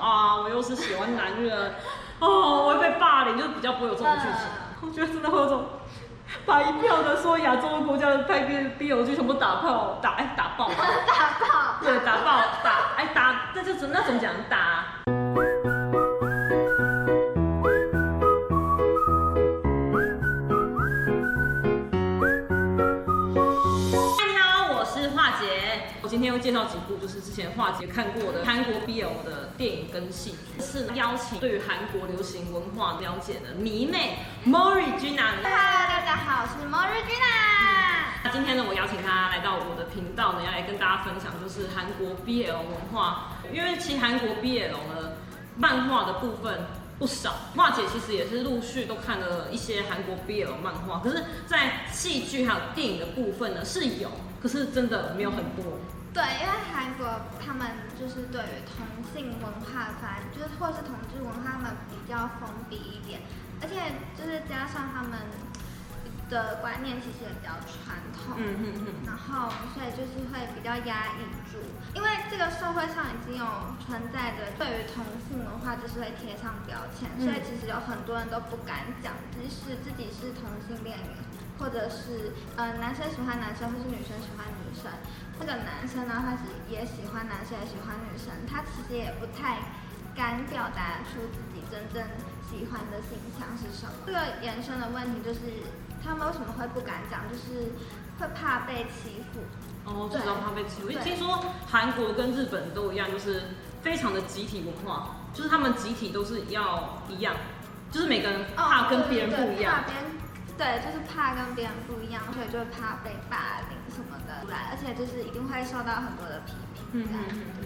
啊，我又是喜歡男人， 哦，我會被霸凌，就是比較不會有這種劇情。 我覺得真的會有這種把一票的，說亞洲國家的拍 BL 劇，全部打炮打哎打爆，打、欸、打爆、啊， 對，打爆打哎、欸、打，那就是那怎麼講打。介紹幾部就是之前樺姐看過的韓國 BL 的電影跟戲劇，是邀請對於韓國流行文化了解的迷妹 MorriGina。Hello，大家好，是 MorriGina、嗯啊。今天呢，我邀請她來到我的頻道呢，要來跟大家分享就是韓國 BL 文化，因為其實韓國 BL 呢，漫畫的部分不少，樺姐其實也是陸續都看了一些韓國 BL 漫畫，可是，在戲劇還有電影的部分呢是有，可是真的沒有很多。嗯對，因為韓國他們就是對於同性文化，反正就是或是同志文化，他們比較封閉一點，而且就是加上他們的觀念其實也比較傳統，嗯哼哼，然後所以就是會比較壓抑住，因為這個社會上已經有存在着對於同性文化就是會貼上標籤，嗯、所以其實有很多人都不敢講，即使自己是同性戀人。或者是，呃，男生喜歡男生，或是女生喜歡女生。那個男生呢，他也喜歡男生，也喜歡女生。他其實也不太敢表達出自己真正喜歡的形象是什麼。這個延伸的問題就是，他們為什麼會不敢講？就是會怕被欺負。哦，對，怕被欺負。對。聽說韓國跟日本都一樣，就是非常的集體文化，就是他們集體都是要一樣，就是每個人怕跟別人不一樣。哦對，就是怕跟別人不一樣，所以就會怕被霸凌什麼的來，而且就是一定會受到很多的批評。嗯，嗯，嗯。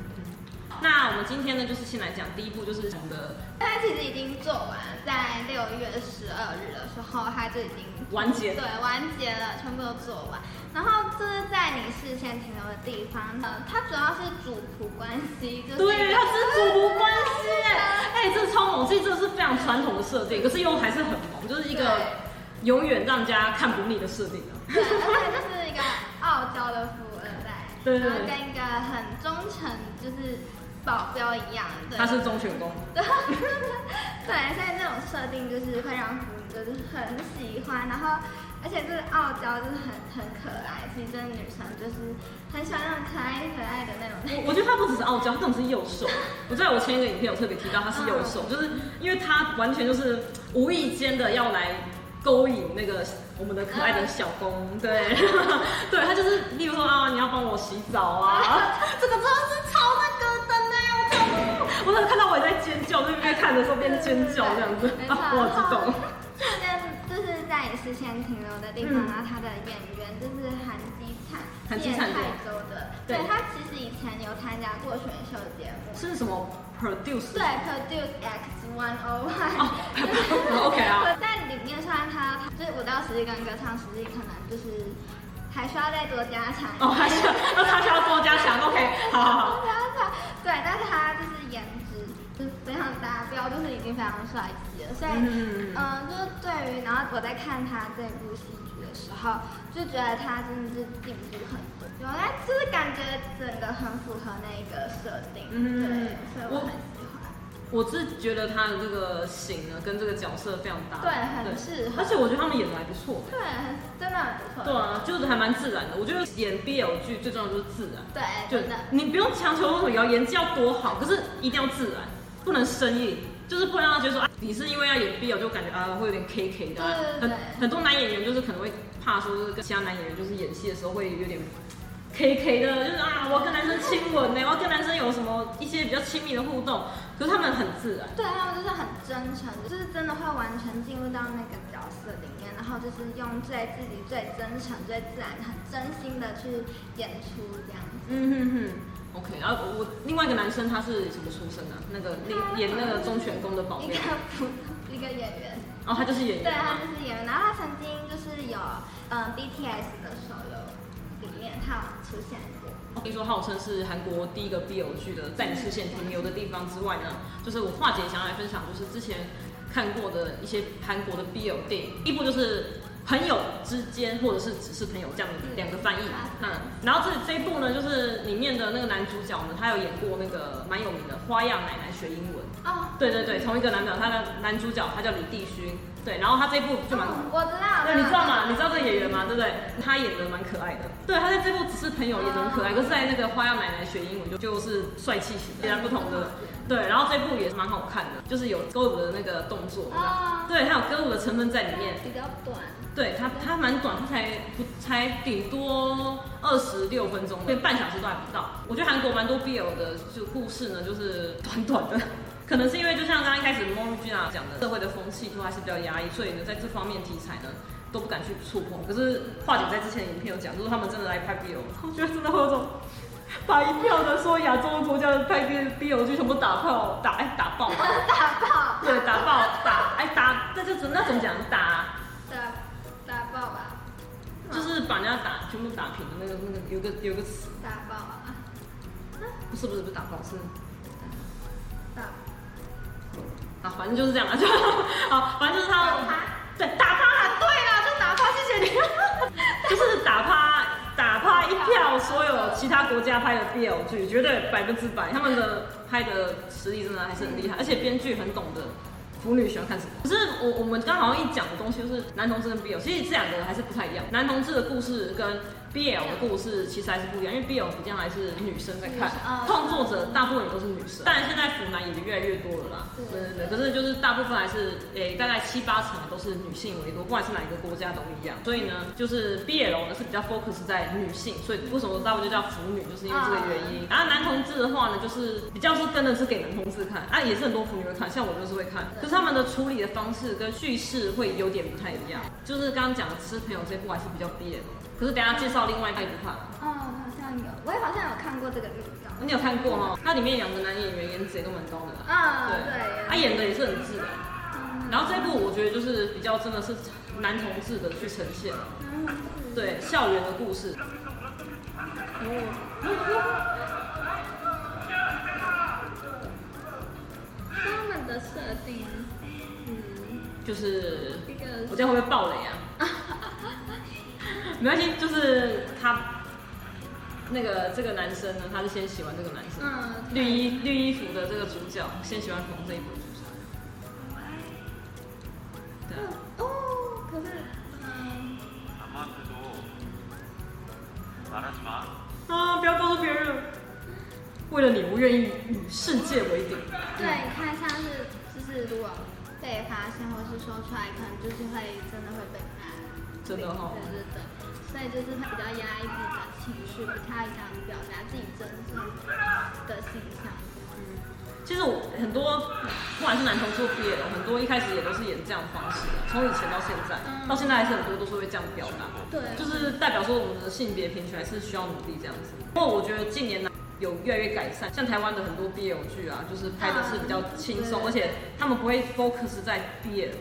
那我們今天呢，就是先來講第一部，就是整個。他其實已經做完，在六月十二日的時候，他就已經完結。對，完結了，全部都做完。然後這是在你視線停留的地方，它主要是主僕關係，就是對，它是主僕關係，哎、嗯欸，這個、超萌，其實這個、是非常傳統的設定，可是又還是很萌，就是一個。永遠讓人家看不膩的設定啊！對， 而且就是一個傲嬌的富二代，然後跟一個很忠誠，就是保鏢一樣。對他是忠犬攻。對，本來在這種設定就是會讓就是很喜歡，然後而且這傲嬌就是很很可愛，其實真的女生就是很喜歡那種可愛可愛的那種。我我覺得他不只是傲嬌，他更是右手。 我在我前一個影片有特別提到他是右手，嗯，就是因為他完全就是無意間的要來。勾引那個我們的可愛的小攻、嗯，對， 對他就是，例如說啊，你要幫我洗澡啊，這個真的是超那個，真的要吐！我看到我也在尖叫，就是邊看的時候邊尖叫這樣子沒錯啊，我只懂。這就是在你視線停留的地方、嗯，然後他的演員就是韓基燦，韓基燦。州的，的對他其實以前有參加過選秀節目，是什麼 Produce？對，Produce X、哦、One o One。OK 啊， 因為雖然他就是舞蹈實力跟歌唱實力可能就是還需要再多加強。哦，oh, 還需要，那他需要多加強。OK，好好。加強，對，但是他就是顏值就是非常達標，就是已經非常帥氣了。所以，嗯，嗯就是對於然後我在看他這部戲劇的時候，就覺得他真的是進步很多。原來就是感覺整個很符合那個設定，對，嗯、所以我,很我。很我是覺得他的這個型呢，跟這個角色非常搭，對，很適合。而且我覺得他們演得還不錯，對，真的很不錯。對啊，就是還蠻自然的。我覺得演 BL 劇最重要的就是自然，對，就，真的。你不用強求說你要演技要多好，可是一定要自然，不能生硬，就是不能讓他覺得說啊，你是因為要演 BL 就感覺啊會有點 K K 的。很、啊、很多男演員就是可能會怕說，是跟其他男演員就是演戲的時候會有點 K K 的，就是啊，我要跟男生親吻呢、欸，我要跟男生有什麼一些比較親密的互動。可是他們很自然，對，他們就是很真誠，就是真的會完全進入到那個角色裡面，然後就是用最自己最真誠、最自然、很真心的去演出這樣子。嗯哼哼，OK，啊。然後我另外一個男生他是什麼出身啊？那個演那，那個忠犬公的寶，一個一個演員。哦，他就是演員，對，他就是演員。然後他曾經就是有嗯，BTS、呃、的手遊。裡它有出現過。聽、okay，說號稱是韓國第一個 BL 劇的《在你視線停留的地方》之外呢，就是我樺姐想要來分享，就是之前看過的一些韓國的 BL 電影，第一部就是。朋友之間，或者是只是朋友這樣兩、嗯、個翻譯，那、嗯嗯，然後這這一部呢，就是裡面的那個男主角呢，他有演過那個蠻有名的《花樣奶奶學英文》哦，對對對，同一個男朋友，他的男主角他叫李帝勳，對，然後他這一部就蠻，哦、我知道，對、啊，你知道嗎？你知道這個演員嗎？對不對？他演的蠻可愛的，對，他在這部只是朋友也蠻可愛，哦、可是，在那個《花樣奶奶學英文》就就是帥氣型截然不同的，對，然後這部也是蠻好看的，就是有歌舞的那個動作、哦、對，他有歌舞的成分在裡面，比較短。對他，他蠻短，他才不才頂多二十六分鐘，所以半小時都還不到。我覺得韓國蠻多 BL 的，就故事呢，就是短短的。 可能是因為就像剛剛一開始 MorriGina 講的，社會的風氣都還是比較壓抑，所以呢，在這方面題材呢都不敢去觸碰。可是話講在之前的影片有講，如、就、果、是、他們真的來拍 BL， 我覺得真的會有種把一票的，說亞洲國家拍個 BL 就全部打炮打哎打， 打爆，打爆，對，打爆打哎打，那就那怎麼講打。就是把人家打全部打平的那個那個、那個、有個有個詞打爆啊，不是不是不是打爆是打、打、啊、反正就是這樣啊，好反正就是他對打趴很對啊，就打趴，謝謝你，就是打趴打趴一票所有其他國家拍的 BL 劇絕對百分之百，他們的、嗯、拍的實力真的還是很厲害，而且編劇很懂得。腐女喜歡看什麼？可是我我們剛好像一講的東西，就是男同志跟 BL，其實這兩個還是不太一樣。男同志的故事跟 B L 的故事其實還是不一樣，因為 B L 比較還是女生在看，創、啊、作者大部分也都是女生、嗯，但是現在腐男已經越來越多了啦。對對對，對，可是就是大部分還是誒、欸，大概七八成都是女性為多，不管是哪一個國家都一樣。所以呢，就是 B L 呢是比較 focus 在女性，所以為什麼大部分就叫腐女，就是因為這個原因、啊。然後男同志的話呢，就是比較是真的是給男同志看，啊也是很多腐女會看，像我就是會看，可是他們的處理的方式跟敘事會有點不太一樣，就是剛剛講的吃朋友這部分還是比較 B L。可是等下介紹另外一部吧。哦，好像有，我也好像有看過這個預告、啊。你有看過哈、哦？那、嗯、裡面兩個男演員顏值也都蠻高的啊。啊、哦，對。他、嗯、演的也是很自然、嗯。然後這部我覺得就是比較真的是男同志的去呈現。男同志。對，校園的故事。嗯、他們的設定，嗯，就是，我這樣會不會暴雷啊？沒關係，就是他那個這個男生呢，他是先喜歡這個男生，綠、嗯、衣綠衣服的這個主角，先喜歡紅色衣服的主角。對哦，可是嗯，拿什麼？啊！不要告訴別人、嗯，為了你，我願意與世界為敵。對，嗯、看一下是，就是如果被發現或是說出來，可能就是會真的會被罵。真的哈、哦，對對對,對,對，所以就是他比較壓抑自己的情緒，不太想表達自己真實的性向。嗯，其實我很多，不管是男同志或 BL，很多一開始也都是演這樣的方式、啊，從以前到現在、嗯，到現在還是很多都是會這樣表達。對，就是代表說我們的性別平權還是需要努力這樣子。不過我覺得近年來、啊、有越來越改善，像台灣的很多 BL 劇啊，就是拍的是比較輕鬆，啊、而且他們不會 focus 在 BL，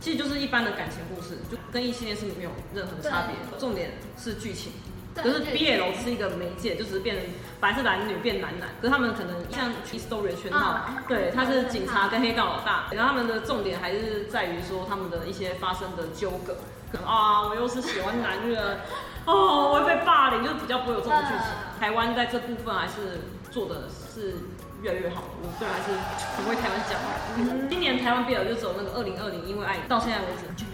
其實就是一般的感情故事就。跟一系列是沒有任何差別，重點是劇情。可是 B 樓是一個媒介，就只是變白色男女變男男，可是他們可能像 story 的圈套，對，他是警察跟黑道老大，然後他們的重點還是在於說他們的一些發生的糾葛，可能啊，我又是喜歡男人的、啊，哦，我又被霸凌，就是比較不會有這種劇情。台灣在這部分還是做的是越來越好，我雖然還是很會台灣講。今年台灣 B 樓就走那個2020因為愛，到現在為止。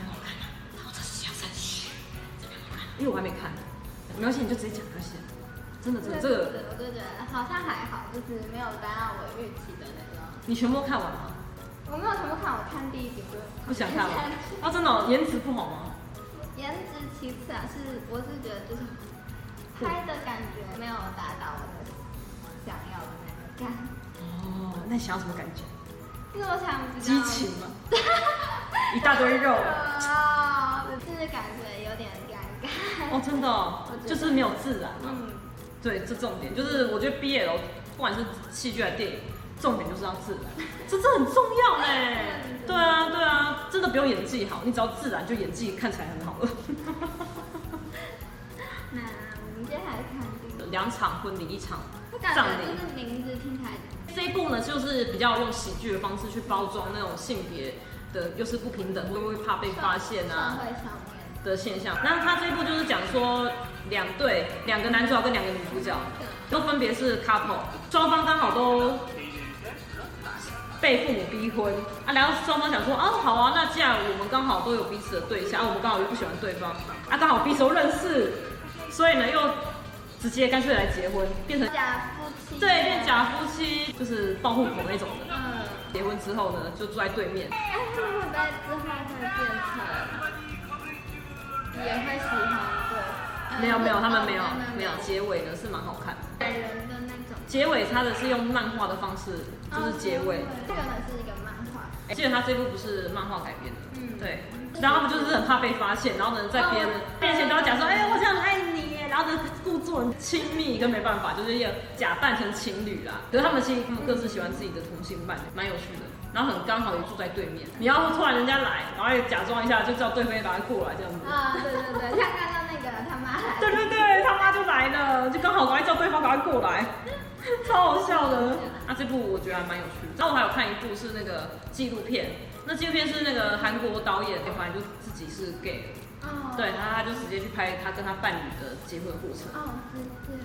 因、欸、為我還沒看、啊，沒關係，你就直接講就行。真的，真的這個這個，我就覺得好像還好，就是沒有達到我預期的那種。你全部看完嗎？我沒有全部看，我看第一集不不想看了，啊、哦，真的、哦，顏值不好嗎？顏值其次啊，是我是覺得就是拍的感覺沒有達到我的想要的那個感。哦，那你想要什麼感覺？這個我想要比較激情嗎？ 一大堆肉我真的感覺有點。 哦，真的、哦，就是沒有自然嘛、啊嗯。對，這重點就是，我覺得 BL，不管是戲劇還是電影，重點就是要自然，這這很重要嘞。 對啊，對啊，真的不用演技好，你只要自然，就演技看起來很好了。 那我、啊、們今天還看什麼？兩場婚禮，一場葬禮。這名字聽起來。這一部呢，就是比較用喜劇的方式去包裝那種性別的，又是不平等，又會怕被發現啊。的現象，那他這一部就是講說兩，兩對兩個男主角跟兩個女主角，都分別是 couple，雙方剛好都被父母逼婚啊，然後雙方想說啊，好啊，那既然我們剛好都有彼此的對象啊，我們剛好又不喜歡對方啊，剛好彼此都認識，所以呢又直接乾脆來結婚，變成變假夫妻，對，變假夫妻、欸、就是報戶口那種的，嗯，結婚之後呢就住在對面，結婚之後會變成。也會喜歡對、嗯、沒有沒有，他們沒有、哦、沒有，結尾的是蠻好看的，感人的那種。結尾他的是用漫畫的方式，就是結尾，這個呢是一個漫畫。其實他這部不是漫畫改編的，嗯，對。然後他們就是很怕被發現，嗯、然後呢在別人面前都要假裝、哦，哎，我這樣愛你，然後呢故作很親密，跟沒辦法，就是要假扮成情侶啦。可是他們其實他們各自喜歡自己的同性伴侶、嗯，蠻有趣的。然後很剛好也住在對面，你要說突然人家來，然後也假裝一下，就叫對方把他過來這樣子啊、哦，對對對，他看到那個他媽， 對對對，他媽就來了，就剛好趕快叫對方趕快過來，超好笑的。那這部我覺得還蠻有趣的。然後我還有看一部是那個紀錄片，那紀錄片是那個韓國導演，本來，就自己是 gay，哦，對，然後他就直接去拍他跟他伴侶的結婚的過程。哦，是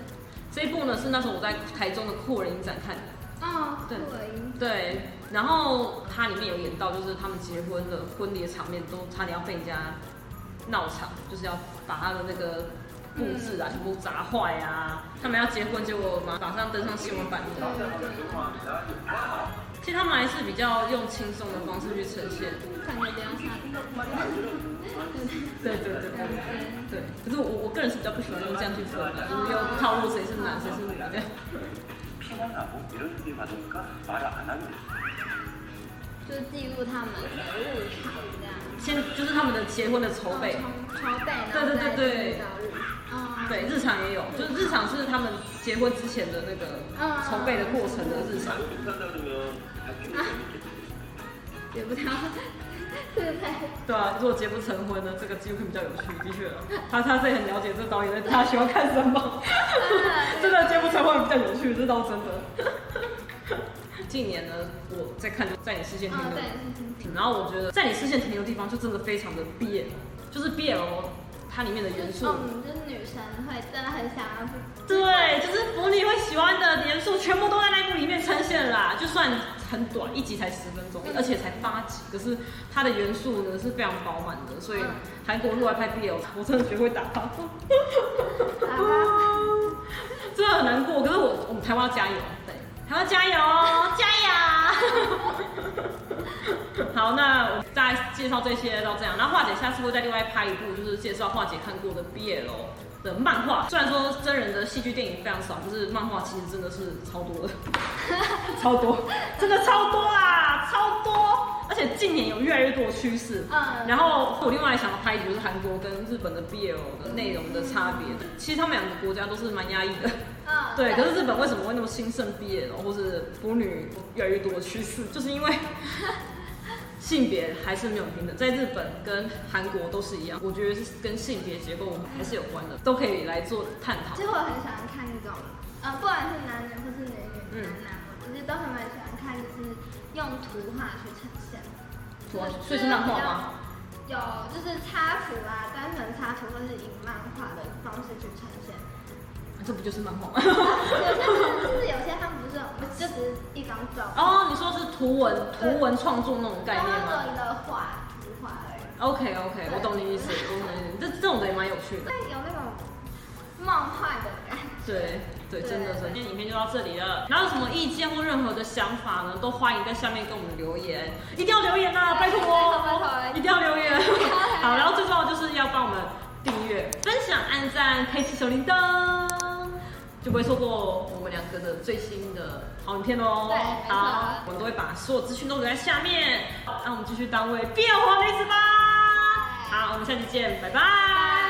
這一部呢是那時候我在台中的酷人影展看的。啊、oh,，對對，然後它裡面有演到，就是他們結婚的婚禮的場面，都差點要被人家鬧場，就是要把他的那個布置布啊，全部砸壞啊。他們要結婚，結果馬馬上登上新聞版面。其實他們還是比較用輕鬆的方式去呈現。差 對對對對對，okay. 對可是我我個人是比較不喜歡用這樣去說、uh -huh. uh -huh. 的，就是又套路誰是男誰是女這樣。就記錄他們的日常，這樣。先就是他們的結婚的籌備。籌、哦、備。對對對對，對，對。啊。對，日常也有，就是日常是他們結婚之前的那個籌備的過程的日常。也、哦哦哦啊、不太。好、嗯 對啊，如果結不成婚呢，這個機會比較有趣。的確，他他自己很了解這個導演他喜歡看什麼。 真的結不成婚比較有趣，這倒真的。 近年呢，我在看《在你視線停留》哦聽聽，然後我覺得在你視線停留的地方就真的非常的 BL，就是 BL 了，哦。它裡面的元素，嗯，哦、就是女生會真的很想要去，對，就是腐女會喜歡的元素全部都在那一部裡面呈現啦，就算。很短，一集才十分鐘，而且才八集，可是它的元素呢是非常飽滿的，所以韓國如果要拍 BL，、嗯、我真的覺得會打哭，打 真的很難過。可是我我們台灣要加油，對，台灣加油，加油。 好，那我們再介紹這些到這樣，然後華姐下次會再另外拍一部，就是介紹華姐看過的 BL。的漫畫雖然說真人的戲劇電影非常少，就是漫畫其實真的是超多的，超多，真的超多啊，超多！而且近年有越來越多趨勢。嗯，然後我另外還想要拍一集就是韓國跟日本的 BL 的內容的差別。其實他們兩個國家都是蠻壓抑的。啊，對。可是日本為什麼會那麼興盛 BL，或是腐女越來越多的趨勢？就是因為。性別還是沒有平等，在日本跟韓國都是一樣，我覺得是跟性別結構還是有關的，嗯、都可以來做探討。其實我很喜歡看那種，呃，不管是男人或是女人、男男，我、嗯、其實都很蠻喜歡看，就是用圖畫去呈現。嗯嗯、所以是漫畫嗎？有，就是插圖啊，單純插圖，或是以漫畫的方式去呈現。這不就是漫畫嗎？有些就是有些他們不是，就是一張照。哦，你說是圖文、圖文創作那種概念嗎？做一個畫，圖畫而已。OK OK，我懂你意思，我懂你意思。 okay. 這這種的也蠻有趣的，有那種漫畫的感覺。對對，真的是。今天影片就到這裡了，然後有什麼意見或任何的想法呢？都歡迎在下面跟我們留言，一定要留言吶、啊，拜托,、哦拜托,拜托，一定要留言。 好，然後最重要就是要幫我們訂閱、 分享、按讚、開啟小鈴鐺。就不會錯過我們兩個的最新的好影片哦，喔。好，我們都會把所有資訊都留在下面。那我們繼續當為 BL 活的女子吧。好，我們下期見，拜拜。